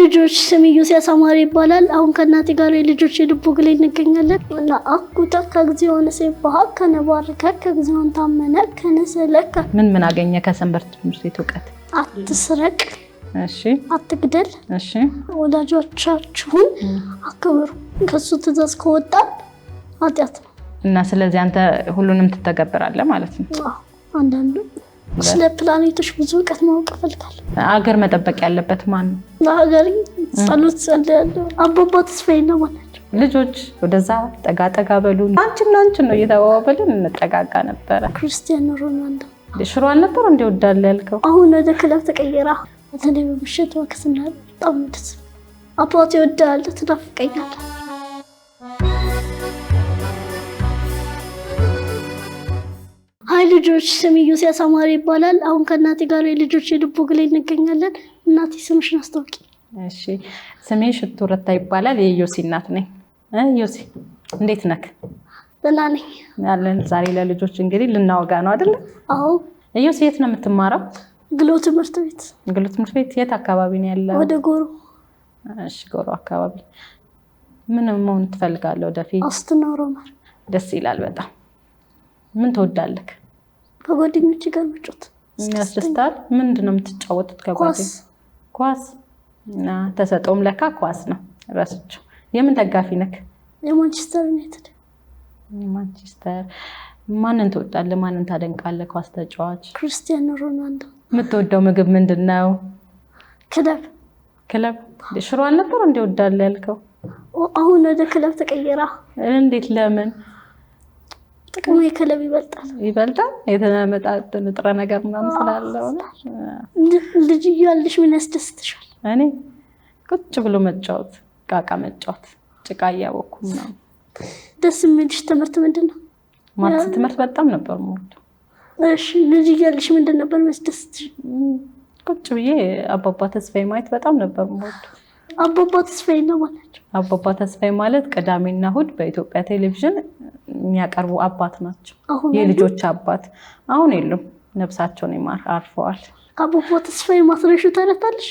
ልጆች ስም ኢዮስያስ ይባላል። አሁን ከእናቴ ጋር የልጆች የልቦ ግላ እንገኛለን እና አኩተ ከእግዚኦን ሴባሃ ከነባርከ ከጊዜሆን ታመነ ከነሰለከ ምን ምን አገኘ? ከሰንበር ትምህርት ቤት እውቀት አትስረቅ፣ እሺ፣ አትግደል፣ እሺ፣ ወላጆቻችሁን አክብሩ። ከሱ ትእዛዝ ከወጣን ኃጢአት ነው እና ስለዚህ አንተ ሁሉንም ትተገብራለህ ማለት ነው አንዳንዱ ስለ ፕላኔቶች ብዙ እውቀት ማወቅ ይፈልጋል። አገር መጠበቅ ያለበት ማን ነው? ለሀገር ጸሎት ጸል ያለ አባባ ተስፋዬ ነው ማለት ልጆች ወደዛ ጠጋ ጠጋ በሉ። አንቺም አንቺን ነው እየተባባልን እንጠጋጋ ነበረ። ክርስቲያኖ ሮናልዶ ሽሮ አልነበር እንዲ ወዳለ ያልከው አሁን ወደ ክለብ ተቀየረ። በተለይ በምሽት ወቅት እና በጣም ደስ አባት ወዳለ ትናፍቀኛለህ አይ ልጆች ስም ዩሴ አሳማሪ ይባላል። አሁን ከእናቴ ጋር የልጆች የልቦ ግላ እንገኛለን። እናቴ ስምሽን አስታውቂ። እሺ ስሜ ሽቱ ረታ ይባላል። የዮሲ እናት ነኝ። ዮሲ እንዴት ነክ? ደህና ነኝ ያለን። ዛሬ ለልጆች እንግዲህ ልናወጋ ነው አይደለ? አዎ። ዮሲ የት ነው የምትማረው? ግሎ ትምህርት ቤት። ግሎ ትምህርት ቤት የት አካባቢ ነው ያለ? ወደ ጎሮ። እሺ ጎሮ አካባቢ። ምን መሆን ትፈልጋለህ ወደፊት? አስትና ደስ ይላል በጣም ምን ትወዳለህ? ከጓደኞች ጋር መጫወት ያስደስታል። ምንድን ነው የምትጫወቱት? ከጓደኞች ኳስ። ተሰጠውም ለካ ኳስ ነው። እራሳቸው የምን ደጋፊ ነክ? የማንቸስተር ዩናይትድ። ማንቸስተር ማንን ትወዳለ? ማንን ታደንቃለ? ኳስ ተጫዋች ክርስቲያኖ ሮናልዶ። የምትወደው ምግብ ምንድን ነው? ክለብ ክለብ። ሽሮ አልነበር እንዲወዳለ ያልከው? አሁን ወደ ክለብ ተቀየራ። እንዴት? ለምን? ጥቅሙ የከለብ ይበልጣል ይበልጣል። የተመጣጠነ ንጥረ ነገር ምናምን ስላለው ልጅ እያለሽ ምን ያስደስትሻል? እኔ ቁጭ ብሎ መጫወት፣ ቃቃ መጫወት፣ ጭቃ እያወኩ ምናምን ደስ የሚልሽ ትምህርት ምንድን ነው? ማለት ትምህርት በጣም ነበር የምወደው። እሺ ልጅ እያለሽ ምንድን ነበር የሚያስደስትሽ? ቁጭ ብዬ አባባ ተስፋዬ ማየት በጣም ነበር የምወደው። አባባ ተስፋዬ ነው ማለት አባባ ተስፋዬ ማለት ቅዳሜና እሑድ በኢትዮጵያ ቴሌቪዥን የሚያቀርቡ አባት ናቸው። የልጆች አባት አሁን የሉም፣ ነብሳቸውን ይማር አርፈዋል። አባባ ተስፋዬ ማስረሹ ተረታለሽ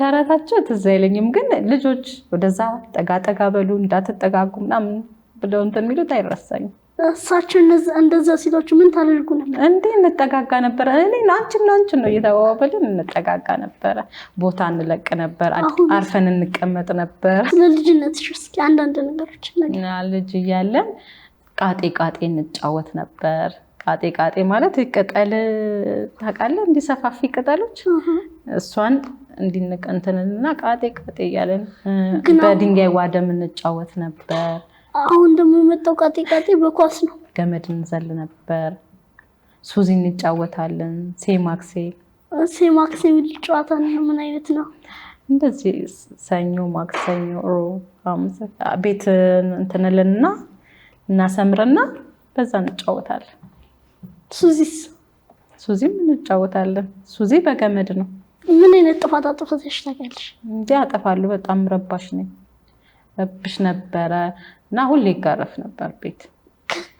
ተረታቸው ትዝ አይለኝም፣ ግን ልጆች ወደዛ ጠጋ ጠጋ በሉ እንዳትጠጋጉ ምናምን ብለው እንትን የሚሉት አይረሳኝም። እሳቸው እንደዛ ሴቶች ምን ታደርጉ ነበር? እንዴ እንጠጋጋ ነበረ። እኔ አንቺን አንቺን ነው እየተባባልን እንጠጋጋ ነበረ። ቦታ እንለቅ ነበር፣ አርፈን እንቀመጥ ነበር። ስለ ልጅነትሽ እስኪ አንዳንድ ነገሮች። ልጅ እያለን ቃጤ ቃጤ እንጫወት ነበር። ቃጤ ቃጤ ማለት ቅጠል ታውቃለህ? እንዲህ ሰፋፊ ቅጠሎች እሷን እንዲንቅ እንትንና ቃጤ ቃጤ እያለን በድንጋይ ዋደም እንጫወት ነበር። አሁን ደግሞ መጣው ቃጤ ቃጤ በኳስ ነው። ገመድ እንዘል ነበር፣ ሱዚ እንጫወታለን። ሴማክሴ ሴማክሴ የሚል ጨዋታ ምን አይነት ነው? እንደዚህ ሰኞ፣ ማክሰኞ፣ ሮብ፣ ሐሙስ ቤት እንትን እልና እናሰምርና በዛ እንጫወታለን። ሱዚስ ሱዚም እንጫወታለን። ሱዚ በገመድ ነው። ምን አይነት ጥፋት አጥፍተሽ ታውቂያለሽ? እንዲህ አጠፋሉ። በጣም ረባሽ ነኝ። ረብሽ ነበረ እና ሁሌ ይጋረፍ ነበር ቤት።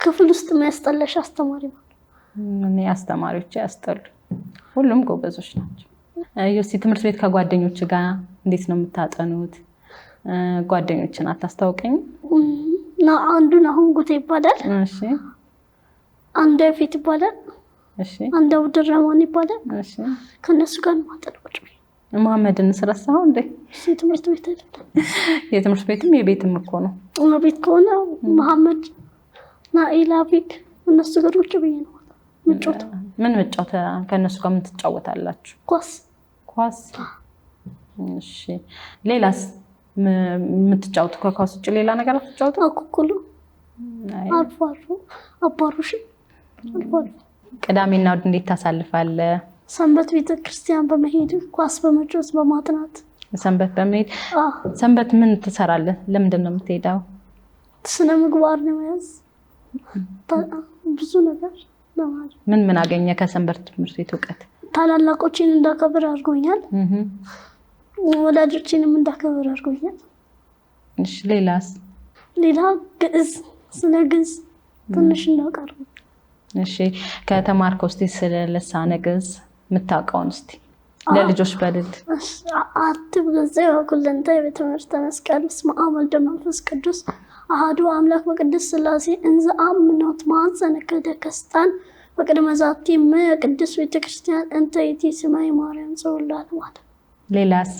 ክፍል ውስጥ የሚያስጠላሽ አስተማሪ ነው? እኔ አስተማሪዎች ያስጠሉ፣ ሁሉም ጎበዞች ናቸው። ዮሲ ትምህርት ቤት ከጓደኞች ጋር እንዴት ነው የምታጠኑት? ጓደኞችን አታስታውቀኝም? አንዱን አሁን ጉቴ ይባላል። እሺ አንዱ ፊት ይባላል። እሺ አንዱ ድረማን ይባላል። እሺ ከእነሱ ጋር ማጠን ቁጭ መሐመድን ስረሳሁ እንዴ? የትምህርት ቤት የትምህርት ቤትም የቤትም እኮ ነው። ቤት ከሆነ መሐመድ ናኢላ ቤት እነሱ ጋር ውጭ ብዬ ነው ምጫወት። ምን ምጫወት? ከእነሱ ጋር ምን ትጫወታላችሁ? ኳስ ኳስ። እሺ፣ ሌላስ የምትጫወቱ? ከኳስ ውጭ ሌላ ነገር አትጫወቱ? አኩኩሉ፣ አልፎ አልፎ አባሮሽ፣ አልፎ አልፎ። ቅዳሜና እሑድ እንዴት ታሳልፋለህ? ሰንበት ቤተ ክርስቲያን በመሄድ ኳስ በመጫወት በማጥናት ሰንበት በመሄድ ሰንበት ምን ትሰራለህ? ለምንድን ነው የምትሄደው? ስነ ምግባር ነው ያዝ ብዙ ነገር ምን ምን አገኘ? ከሰንበት ትምህርት ቤት እውቀት ታላላቆችን እንዳከብር አድርጎኛል። ወላጆችንም እንዳከብር አድርጎኛል። እሺ ሌላስ? ሌላ ግዕዝ፣ ስለ ግዕዝ ትንሽ እንዳውቅ እሺ ከተማርከው እስኪ ስለ ልሳነ ግዕዝ የምታውቀውን እስኪ ለልጆች በልል አትብ ጊዜ በኩልንተ የቤተምህርተ መስቀል በስመ አብ ወወልድ ወመንፈስ ቅዱስ አሐዱ አምላክ በቅድስት ስላሴ እንዘ አምኖት ማኅፀነ ከስታን በቅድመ ዛቲ እም ቅድስት ቤተክርስቲያን እንተ ይእቲ ስማ ማርያም ዘወላድ ማለት ሌላስ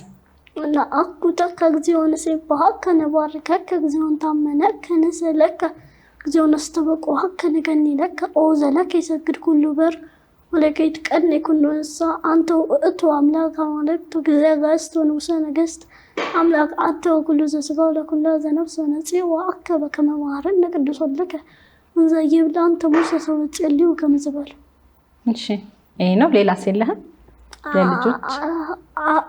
ለአኩተ ከእግዚኦነ ሴባሃከ ነባርከከ እግዚኦን ታመነከ ነሰለከ እግዚኦን አስተበቁሃከ ንገኒለከ ኦ ዘለከ ይሰግድ ኩሉ በር ወለጌት ቀን ኩሉ እንስሳ አንተ ውእቱ አምላክ አማልክቱ ግዘጋስቱ ንጉሰ ነገስት አምላክ አንተ ኩሉ ዘስጋ ለኩላ ዘነፍስ ነፂ ወአከበ ከመ መሃረነ ወለከ እንዘ ይብል ሙሰ ሰው ጸልዩ ከምዝበል። እሺ ይሄ ነው። ሌላስ የለህም? ለልጆች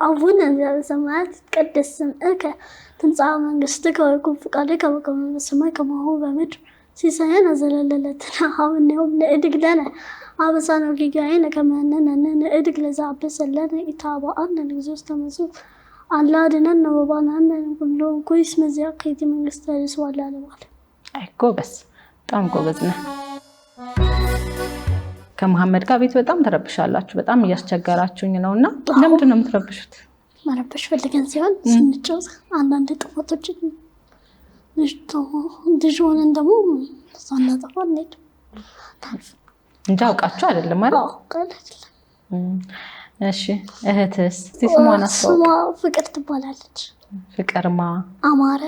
አቡነ ዘበሰማያት ይትቀደስ ስምዕከ ትምጻእ መንግስትከ ወይኩን ፍቃድከ በከመ በሰማይ ከማሁ በምድር ሲሳየነ ዘለለዕለትነ ሀበነ ዮም ንዕድ አበሳነ ጌጋዬን ከመህነነንን እድግ ለዛ አበሰለን ለዘአበሰለን ኢታባአንን እግዚኦስተ ተመሱ አላድነን ወባናንን ሁሉ ኩይስ መዚያ ከየት መንግስት ተደስዋላ ለማለ አይ ጎበዝ፣ በጣም ጎበዝ ነ ከመሐመድ ጋር ቤት በጣም ተረብሻላችሁ። በጣም እያስቸገራችሁኝ ነው እና ለምንድን ነው የምትረብሹት? መረበሽ ፈልገን ሲሆን ስንጫወት አንዳንድ ጥፋቶችን ልጅ ሆነን ደግሞ ሳናጠፋ እንሄድ ታልፍ እንጂ አውቃችሁ አይደለም አይደል? እሺ። እህትስ ስሟን ስሟ ፍቅር ትባላለች። ፍቅርማ አማረ።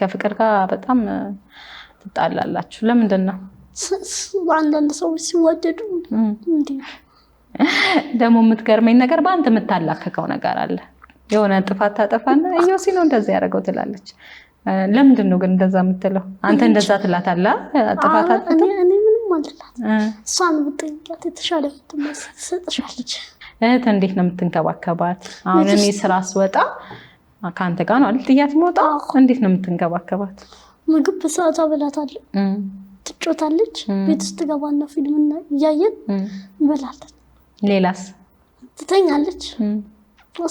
ከፍቅር ጋር በጣም ትጣላላችሁ። ለምንድን ነው? በአንዳንድ ሰዎች ሲዋደዱ ደግሞ የምትገርመኝ ነገር በአንተ የምታላከከው ነገር አለ። የሆነ ጥፋት ታጠፋና እዮሲ ነው እንደዚህ ያደረገው ትላለች። ለምንድን ነው ግን እንደዛ የምትለው? አንተ እንደዛ ትላታለህ ጥፋት አልላት። እሷን ብጠይቃት የተሻለ ምትመስ ትሰጥሻለች። እህት እንዴት ነው የምትንከባከባት? አሁን እኔ ስራ ስወጣ ከአንተ ጋር ነው አይደል ጥያት መውጣ። እንዴት ነው የምትንከባከባት? ምግብ በሰዓቷ ብላታለሁ። ትጮታለች። ቤት ውስጥ ገባና ፊልም እያየን እንበላለን። ሌላስ? ትተኛለች።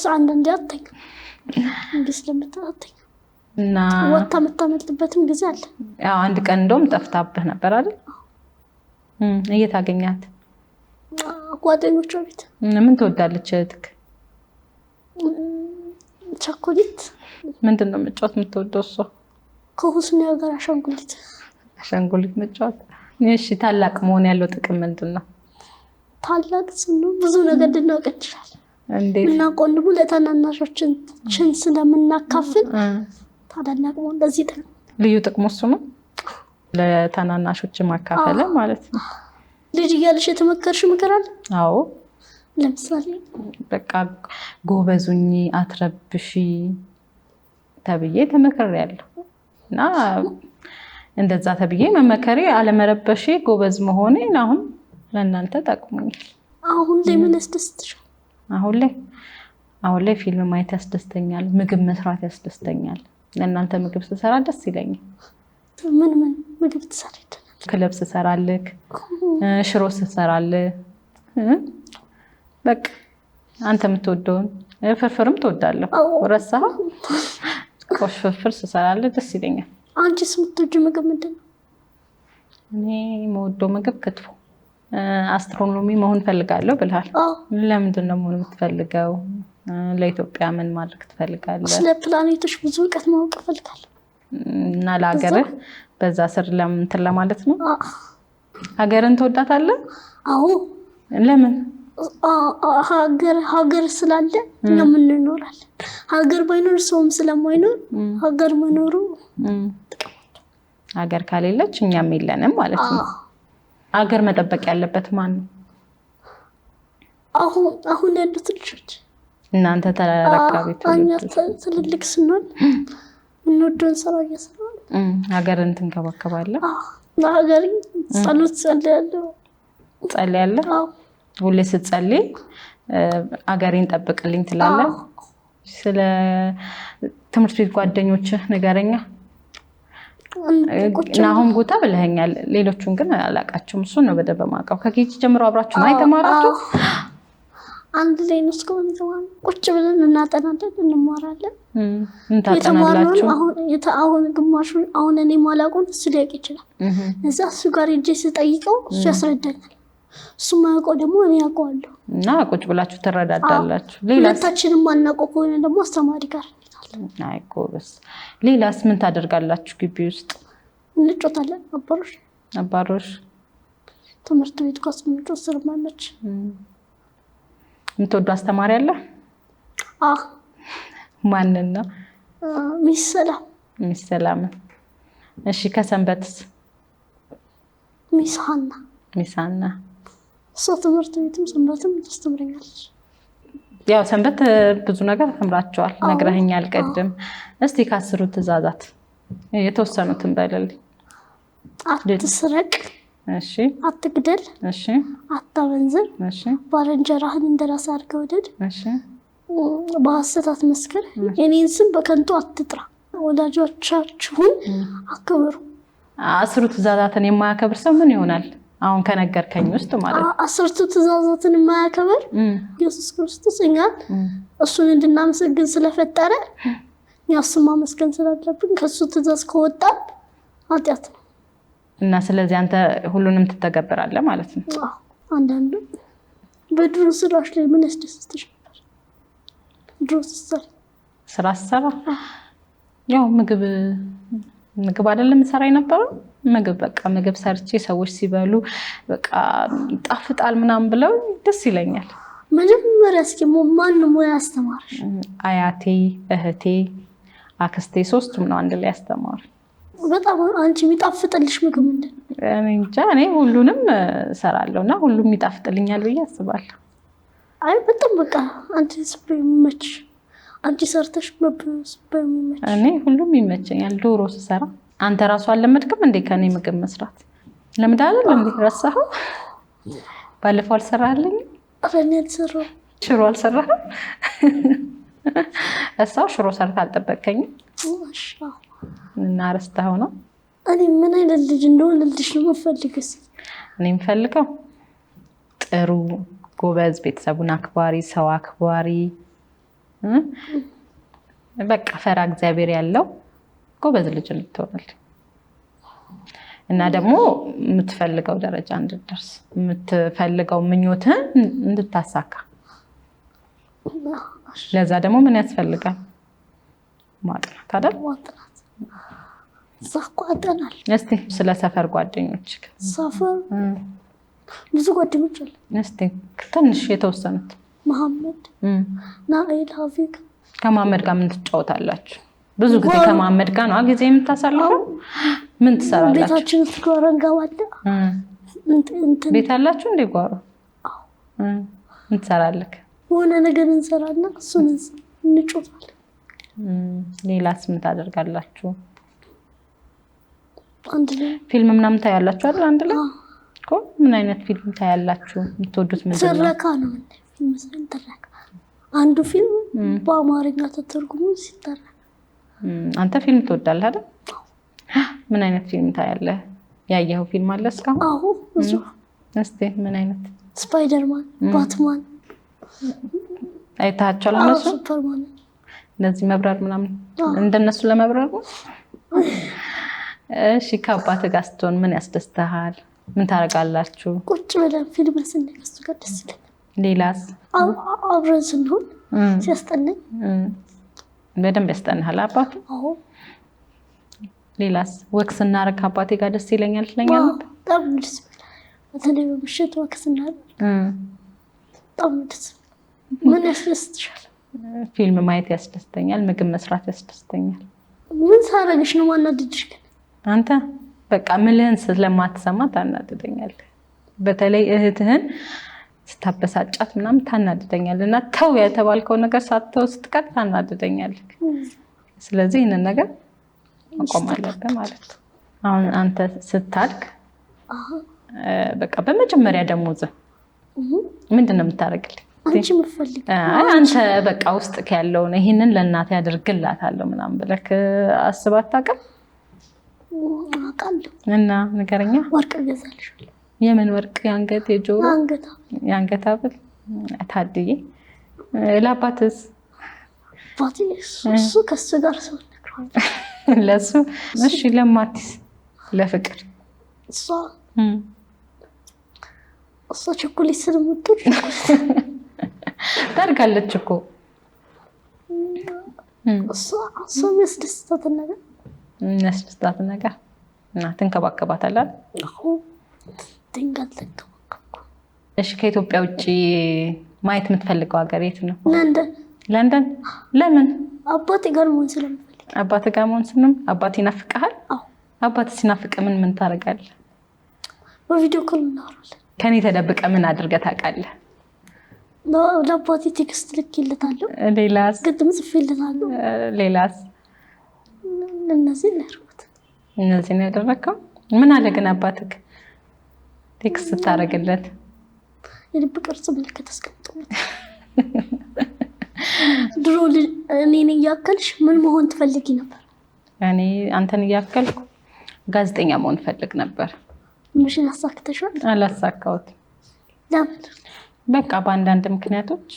ስ አንዳንድ አተኝ እንዲህ ለምትተኝ እና ወታ የምታመልጥበትም ጊዜ አለ። አንድ ቀን እንደውም ጠፍታብህ ነበር አይደል? እየት አገኛት? ጓደኞቿ ቤት። ምን ትወዳለች እህትክ? ቸኮሌት። ምንድን ነው መጫወት የምትወደው እሷ? ከሁስኒ ጋር አሻንጉሊት አሻንጉሊት መጫወት። እሺ ታላቅ መሆን ያለው ጥቅም ምንድን ነው? ታላቅ ስንሆን ብዙ ነገር ልናውቅ እንችላለን። የምናውቀውን ደግሞ ለታናናሾቻችን ስለምናካፍል ታላላቅ መሆን ለዚህ ጥቅም ልዩ ጥቅሙ እሱ ነው። ለታናናሾች ማካፈል ማለት ነው። ልጅ እያለሽ የተመከርሽ ምክር አለ? አዎ። ለምሳሌ በቃ ጎበዙኝ፣ አትረብሺ ተብዬ ተመክሬያለሁ እና እንደዛ ተብዬ መመከሬ አለመረበሽ ጎበዝ መሆኔ አሁን ለእናንተ ጠቅሞኛል። አሁን ላይ ምን ያስደስትሻል? አሁን ላይ አሁን ላይ ፊልም ማየት ያስደስተኛል፣ ምግብ መስራት ያስደስተኛል። ለእናንተ ምግብ ስሰራ ደስ ይለኛል። ምን ምን ምግብ ትሰራ ክለብ ስሰራልክ፣ ሽሮ ስሰራልህ፣ በቃ አንተ የምትወደውን ፍርፍርም ትወዳለሁ? ረሳ ቆሽ ፍርፍር ስሰራልህ ደስ ይለኛል። አንቺስ የምትወጂው ምግብ ምንድን ነው? እኔ የምወደው ምግብ ክትፎ። አስትሮኖሚ መሆን ፈልጋለሁ ብልሃል። ለምንድን ነው መሆን የምትፈልገው? ለኢትዮጵያ ምን ማድረግ ትፈልጋለህ? ስለ ፕላኔቶች ብዙ እውቀት ማወቅ እፈልጋለሁ። እና ለሀገርህ በዛ ስር ለምንትን ለማለት ነው። ሀገርን ትወዳታለህ? አዎ። ለምን? ሀገር ሀገር ስላለ እኛም እንኖራለን። ሀገር ባይኖር ሰውም ስለማይኖር ሀገር መኖሩ ሀገር ከሌለች እኛም የለንም ማለት ነው። ሀገር መጠበቅ ያለበት ማን ነው? አሁን አሁን ያሉት ልጆች እናንተ ተረካቢ ትልልቅ ስንሆን የምንወደውን ስራ እየሰራን ሀገርን ትንከባከባለህ? ለሀገር ጸሎት ጸልያለሁ። ጸልያለህ? ሁሌ ስትጸልይ አገሬን ጠብቅልኝ ትላለህ? ስለ ትምህርት ቤት ጓደኞች ንገረኛ። ናሆም ጎታ ብለኸኛል፣ ሌሎቹን ግን አላውቃቸውም። እሱ ነው በደንብ የማውቀው። ከኬጂ ጀምሮ አብራችሁ ነው የተማራችሁት? አንድ ላይ ነው እስከሆነ ተማሩ ቁጭ ብለን እናጠናለን፣ እንማራለን። የተማርነውን አሁን ግማሹ አሁን እኔ ማላውቀውን እሱ ሊያውቅ ይችላል። እዛ እሱ ጋር እጄ ስጠይቀው እሱ ያስረዳኛል። እሱ ማያውቀው ደግሞ እኔ ያውቀዋለሁ። እና ቁጭ ብላችሁ ትረዳዳላችሁ። ሁለታችንም ማናውቀው ከሆነ ደግሞ አስተማሪ ጋር አይ ጎበዝ። ሌላስ ምን ታደርጋላችሁ ግቢ ውስጥ? እንጮታለን። አባሮሽ አባሮሽ ትምህርት ቤት ኳስ ስንጮት ስርማመች የምትወዱ አስተማሪ አለ? ማንን ነው? ሚስ ሰላም። ሚስ እሺ፣ ከሰንበትስ? ሚስ ሀና። ሚስ ሀና። እሷ ትምህርት ቤትም ሰንበትም ታስተምረኛለች። ያው ሰንበት ብዙ ነገር ተምራቸዋል፣ ነግረህኛ አልቀድም። እስቲ ከአስሩ ትእዛዛት የተወሰኑትን በልልኝ። አትስረቅ እሺ፣ አትግደል፣ እሺ፣ አታመንዝር፣ እሺ፣ ባልንጀራህን እንደራስ አድርገህ ውደድ፣ እሺ፣ በሐሰት አትመስክር፣ የኔን ስም በከንቱ አትጥራ፣ ወላጆቻችሁን አክብሩ። አስሩ ትእዛዛትን የማያከብር ሰው ምን ይሆናል? አሁን ከነገርከኝ ውስጥ ማለት አስርቱ ትእዛዛትን የማያከብር ኢየሱስ ክርስቶስ እኛን እሱን እንድናመሰግን ስለፈጠረ እኛ እሱን ማመስገን ስላለብን ከእሱ ትእዛዝ ከወጣን ኃጢአት ነው። እና ስለዚህ አንተ ሁሉንም ትተገብራለህ ማለት ነው። አንዳንዱ በድሮ ስራዎች ላይ ምን ያስደስትሽ ነበር? ድሮ ስሰራ ስራ ስሰራ ያው ምግብ ምግብ አይደለም ሰራ የነበረው ምግብ በቃ ምግብ ሰርቼ ሰዎች ሲበሉ በቃ ይጣፍጣል ምናምን ብለው ደስ ይለኛል። መጀመሪያ እስኪ ማን ሙያ ያስተማርሽ? አያቴ፣ እህቴ፣ አክስቴ ሶስቱም ነው አንድ ላይ ያስተማሩ በጣም አንቺ የሚጣፍጥልሽ ምግብ ምንድን ነው? እኔ እንጃ። እኔ ሁሉንም እሰራለሁ እና ሁሉም ይጣፍጥልኛል ብዬ አስባለሁ። አይ በጣም በቃ አንቺ ስበ የሚመች አንቺ ሰርተሽ ስበ የሚመች እኔ ሁሉም ይመቸኛል። ዶሮ ስሰራ አንተ ራሱ አልለመድክም እንዴ? ከኔ ምግብ መስራት ለምዳለ እንዴት ረሳኸው? ባለፈው ረኔ አልሰራ ሽሮ አልሰራህም? እሳው ሽሮ ሰርታ አልጠበቀኝም። እና ረስተኸው ነው። እኔ ምን አይነት ልጅ እንደሆነ ነው የምፈልግስ? እኔ የምፈልገው ጥሩ ጎበዝ፣ ቤተሰቡን አክባሪ፣ ሰው አክባሪ፣ በቃ ፈራ እግዚአብሔር ያለው ጎበዝ ልጅ ልትሆናል እና ደግሞ የምትፈልገው ደረጃ እንድደርስ የምትፈልገው ምኞትህን እንድታሳካ ለዛ ደግሞ ምን ያስፈልጋል? ማጥናት አይደል? እዛ እኮ አጠናል። እስኪ ስለ ሰፈር ጓደኞች ሰፈር ብዙ ጓደኞች አለ። እስኪ ትንሽ የተወሰኑት መሐመድ፣ ናኤል፣ ሀፊግ። ከመሐመድ ጋር ምን ትጫወታላችሁ? ብዙ ጊዜ ከመሐመድ ጋር ነው ጊዜ የምታሳልፈው? ምን ትሰራላችሁ? ቤታችን ውስጥ ጓሮ እንገባለን። ቤት አላችሁ እንዴ? ጓሮ ምን ትሰራለህ? የሆነ ነገር እንሰራና እሱን እንጮታለን ሌላስ ምን ታደርጋላችሁ? ፊልም ምናምን ታያላችሁ አይደል? አንድ ላይ እኮ ምን አይነት ፊልም ታያላችሁ? የምትወዱት ምን? ትረካ ነው ትረካ። አንዱ ፊልም በአማርኛ ተተርጉሞ ሲተረካ። አንተ ፊልም ትወዳለህ አይደል? ምን አይነት ፊልም ታያለህ? ያየኸው ፊልም አለ እስካሁን? አዎ ብዙ። እስቲ ምን አይነት? ስፓይደርማን፣ ባትማን አይተሃቸዋል? እነሱ ሱፐርማን እነዚህ መብረር ምናምን እንደነሱ ለመብራር ነው። እሺ ከአባት ጋር ስትሆን ምን ያስደስተሃል? ምን ታደርጋላችሁ? ቁጭ ብለን ፊልም ስናይ ከሱ ጋር ደስ ይለኛል። ሌላስ? አብረን ስንሆን ሲያስጠናኝ በደንብ ያስጠናሃል አባቱ። ሌላስ? ወክ ስናደርግ ከአባቴ ጋር ደስ ይለኛል ትለኛል። በጣም ደስ በተለይ በምሽት ወክ ስናደርግ በጣም ደስ ምን ያስደስትሻል? ፊልም ማየት ያስደስተኛል። ምግብ መስራት ያስደስተኛል። ምን ሳረግሽ ነው ማናድድሽ? ግን አንተ በቃ ምልህን ስለማትሰማ ታናድደኛል። በተለይ እህትህን ስታበሳጫት ምናምን ታናድደኛል። እና ተው የተባልከው ነገር ሳትተው ስትቀር ታናድደኛል። ስለዚህ ይህንን ነገር መቆም አለብህ ማለት ነው። አሁን አንተ ስታድግ በቃ በመጀመሪያ ደሞዝ ምንድን ነው የምታደርግልኝ? አንቺ አንተ በቃ ውስጥ ያለው ነው። ይሄንን ለእናቴ አድርግላታለሁ ምናምን ብለክ አስበህ አታውቅም? እና ንገረኛ። ወርቅ እገዛልሻለሁ። የምን ወርቅ? የአንገት፣ የጆሮ፣ የአንገት ሀብል። ታድዬ ለአባትህ እሱ ከሱ ጋር ሰው ለሱ እሺ። ለማቲስ ለፍቅር እሷ እሷ ቸኮሌት ስለምትወድ ታርጋለች እኮ እሱ የሚያስደስታትን ነገር የሚያስደስታትን ነገር እና እሺ፣ ከኢትዮጵያ ውጭ ማየት የምትፈልገው ሀገር የት ነው? ለንደን። ለንደን ለምን? አባቴ ጋር መሆን ስለምፈልግ። አባቴ ጋር መሆን ስንም አባቴ ይናፍቀሃል? አባት ሲናፍቅ ምን ምን ታደርጋለህ? በቪዲዮ ኮል እናወራለን። ከኔ ተደብቀ ምን አድርገህ ታውቃለህ? ለአባቴ ቴክስት ልኬለታለሁ። ሌላስ? ግጥም ጽፌለታለሁ። ሌላስ? እነዚህ ያደረኩት እነዚህ ነው ያደረግከው። ምን አለ ግን አባትህ ቴክስት ስታደርግለት? የልብ ቅርጽ ምልክት አስቀምጦለት ድሮ እኔን እያከልሽ ምን መሆን ትፈልጊ ነበር? እኔ አንተን እያከልኩ ጋዜጠኛ መሆን ፈልግ ነበር። ምሽን አሳክተሻል? አላሳካሁትም። ለምን? በቃ በአንዳንድ ምክንያቶች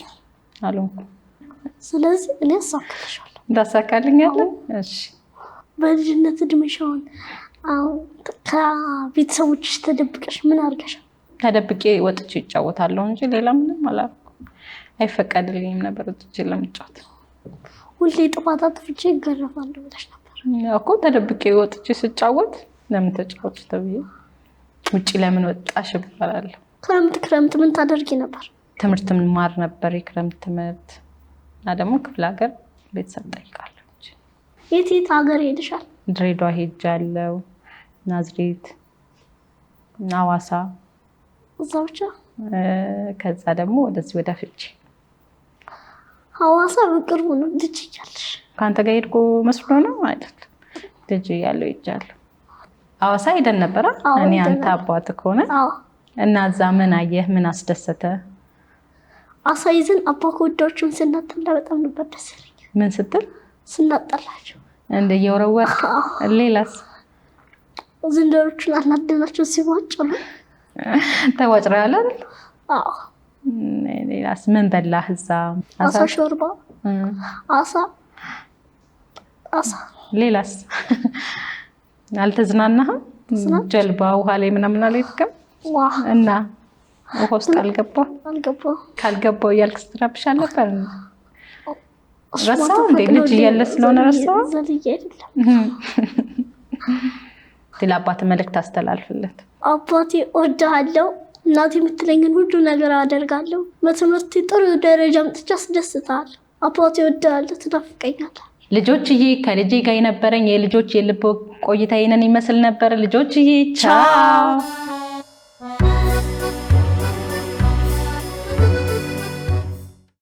አልሆንኩም። ስለዚህ እኔ አሳካልሻለሁ። እንዳሳካልኛለን። እሺ በልጅነት እድሜሽ አሁን ከቤተሰቦችሽ ተደብቀሽ ምን አድርገሻል? ተደብቄ ወጥቼ ይጫወታለሁ እንጂ ሌላ ምንም አላልኩም። አይፈቀድልኝም ነበር ወጥቼ ለመጫወት። ሁሌ ጥፋት አጥፍቼ ይገረፋለሁ ብለሽ ነበር እኮ። ተደብቄ ወጥቼ ስጫወት ለምን ተጫወች ተብዬ ውጭ ለምን ወጣሽ እባላለሁ። ክረምት ክረምት ምን ታደርጊ ነበር? ትምህርት ምንማር ነበር፣ የክረምት ትምህርት እና ደግሞ ክፍለ ሀገር ቤተሰብ ጠይቃለች። የት የት ሀገር ሄድሻል? ድሬዳዋ ሄጃለሁ፣ ናዝሬት፣ አዋሳ እዛ ብቻ። ከዛ ደግሞ ወደዚህ ወደ ፍቼ ሀዋሳ በቅርቡ ነው። ልጅ እያለሽ ከአንተ ጋር ሄድኩ መስሎ ነው አይደል? ልጅ እያለሁ ሄጃለሁ። አዋሳ ሄደን ነበረ እኔ አንተ አባት ከሆነ እና እዛ ምን አየህ? ምን አስደሰተ? አሳ ይዘን አባ ከወዳዎቹም ስናጠላ በጣም ነበር ደስ ይለኛል። ምን ስትል ስናጠላቸው እንደ እየወረወር ሌላስ ዝንጀሮቹን አናደናቸው ሲዋጭሉ ተዋጭራ ያለን ሌላስ ምን በላህ? እዛ አሳ ሾርባ፣ አሳ አሳ። ሌላስ አልተዝናናህም? ጀልባ ውሃ ላይ ምናምን አልሄድክም? እና ውሃ ውስጥ አልገባ ካልገባው እያልክ ስትራብሽ አልነበር? ረሳው እንዴ? ልጅ እያለ ስለሆነ ረሳው። ለአባት መልእክት አስተላልፍለት። አባቴ እወድሃለሁ። እናቴ የምትለኝን ሁሉ ነገር አደርጋለሁ። በትምህርቴ ጥሩ ደረጃ አምጥቼ አስደስታለሁ። አባቴ እወድሃለሁ፣ ትናፍቀኛለህ። ልጆችዬ፣ ከልጄ ጋር የነበረኝ የልጆች የልብ ቆይታ ይህንን ይመስል ነበር። ልጆችዬ ቻው።